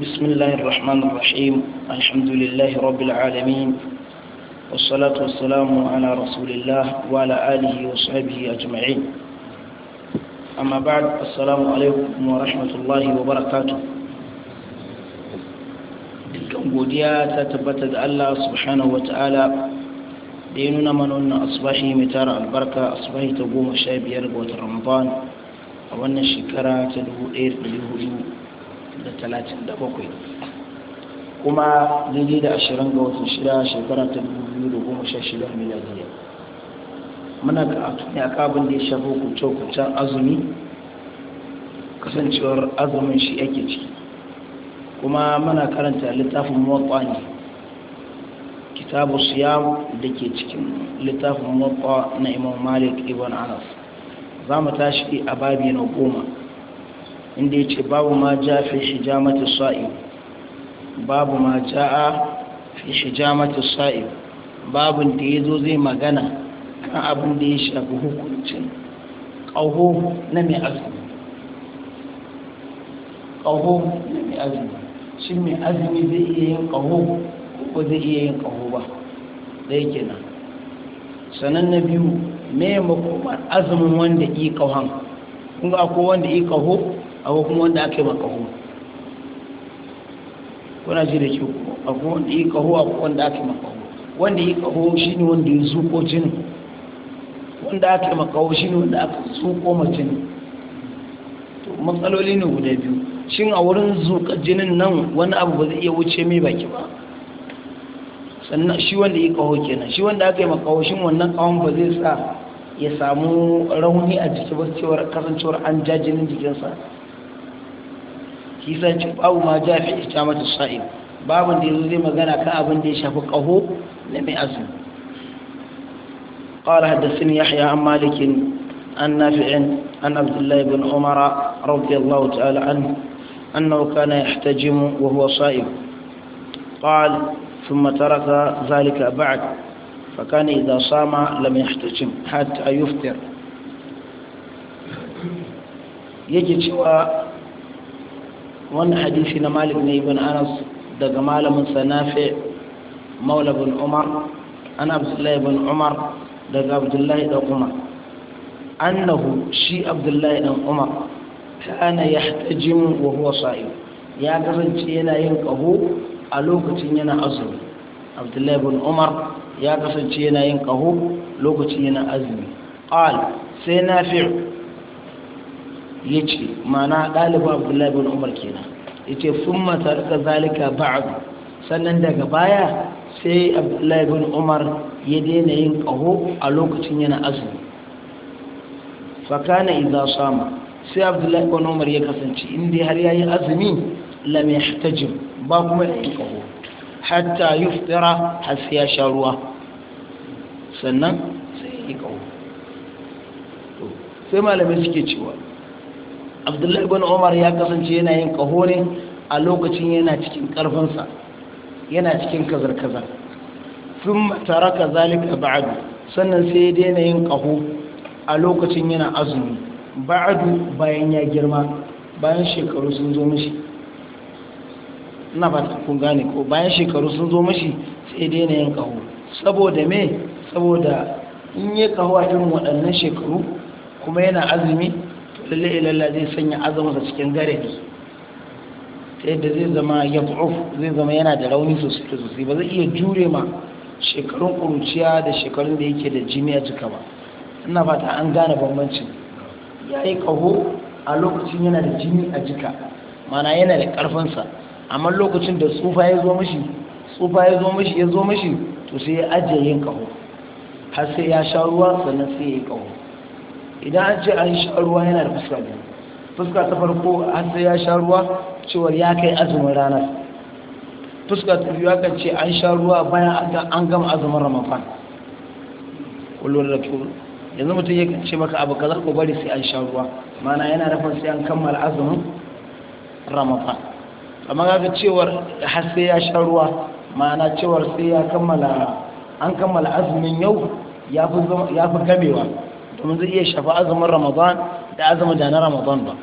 بسم الله الرحمن الرحيم الحمد لله رب العالمين والصلاة والسلام على رسول الله وعلى آله وصحبه أجمعين أما بعد السلام عليكم ورحمة الله وبركاته قوديا تتبتد الله سبحانه وتعالى ديننا من أن أصبحي متار البركة أصبحي تقوم شابي رمضان رمضان وأن الشكرة تدعو إير da talatin da bakwai kuma daidai da ashirin ga watan shida shekara ta dubu da goma sha shida miliyan muna karatu atuni a kabin da ya shafi kuce-kucen azumi kasancewar azumin shi yake ciki kuma muna karanta littafin motsa ne kitabu siyam da ke cikin littafin motsa na imam malik ibn anas za mu tashi a babi na goma inda ya ce babu ma ja fi mata sa'i babu ma ja'a fi mata sa'i babun da ya zo zai magana kan abin da ya shafi hukuncin ƙaho na mai azumi ƙaho na mai azumi shi mai azumi zai iya yin ƙaho ko zai iya yin ƙaho ba yake kenan sanan na biyu me makomar azumin wanda iya ƙahon kuma ko akwai wanda iya ƙaho abu kuma wanda aka yi ma kaho kuna ji da ke abu wanda yi kaho abu wanda aka yi ma kaho wanda yi kaho shi ne wanda ya zuko jini wanda aka yi ma kaho shi ne wanda aka zuko ma jini to matsaloli ne guda biyu shin a wurin zuƙa jinin nan wani abu ba zai iya wuce mai baki ba sannan shi wanda yi kaho kenan shi wanda aka yi ma kaho shin wannan kawon ba zai sa ya samu rauni a jiki ba cewar kasancewar an ja jinin jikinsa kisa ci babu ma ja fi ikamatu sa'im babun da yazo zai magana kan abin da ya shafi qaho na mai azumi قال حدثني يحيى عن مالك عن نافع عن عبد الله بن عمر رضي الله تعالى عنه أنه كان يحتجم وهو صائم قال ثم ترك ذلك بعد فكان إذا صام لم يحتجم حتى يفطر يجد wannan hadisi na malik ne ibn anas daga malamin sa nafi maula bin umar an abdullahi bin umar daga abdullahi dan umar annahu shi abdullahi dan umar kana yahtajim wa huwa sa'im ya kasance yana yin kaho a lokacin yana azumi abdullahi bin umar ya kasance yana yin kaho lokacin yana azumi qal sai nafi' ya ce mana ɗaliba abdullahi bin umar kenan ya ce sun matarka zalika ba'adu sannan daga baya sai abdullahi bin umar ya daina yin ƙaho a lokacin yana azumi fakana iza sama sai abdullahi bin umar ya kasance inda har ya yi azumi lamai hatajin ba kuma ya yi ƙaho hatta yi fitara har sai ya sha ruwa sannan sai ya yi ƙaho sai malamai suke cewa abdullahi ibn umar ya kasance yana yin kaho ne a lokacin yana cikin karfinsa yana cikin kazar-kazar sun taraka zalika ba'adu sannan sai ya daina yin kaho a lokacin yana azumi ba'adu bayan ya girma bayan shekaru sun zo mishi ina ba ta kun gane ko bayan shekaru sun zo mashi sai daina yin kaho saboda me saboda in yi kaho a irin waɗannan shekaru kuma yana azumi lalle ilalla zai sanya azamarsa cikin garabi ta yadda zai zama ya zai zama yana da rauni sosai sosai ba zai iya jure ma shekarun ƙuruciya da shekarun da yake da jini a jika ba ina fata an gane bambancin ya yi kaho a lokacin yana da jini a jika mana yana da karfinsa amma lokacin da tsufa ya zo mashi tsufa ya zo mashi ya zo mashi to sai ya ajiye yin kaho. har sai ya sha ruwa sannan sai ya yi kaho. idan an ce an yi ruwa yana da fuska biyu fuska ta farko an sai ya sha ruwa cewar ya kai azumin ranar fuska ta biyu kan ce an sha ruwa bayan an gama azumin ramadan kullum da kyau yanzu mutum ya ce maka abu kaza ko bari sai an sha ruwa mana yana da sai an kammala azumin ramadan amma ga cewar har sai ya sha ruwa ma'ana cewar sai ya kammala an kammala azumin yau ya fi gamewa domin zai iya shafa azumin ramadan da azumin da na ramadan ba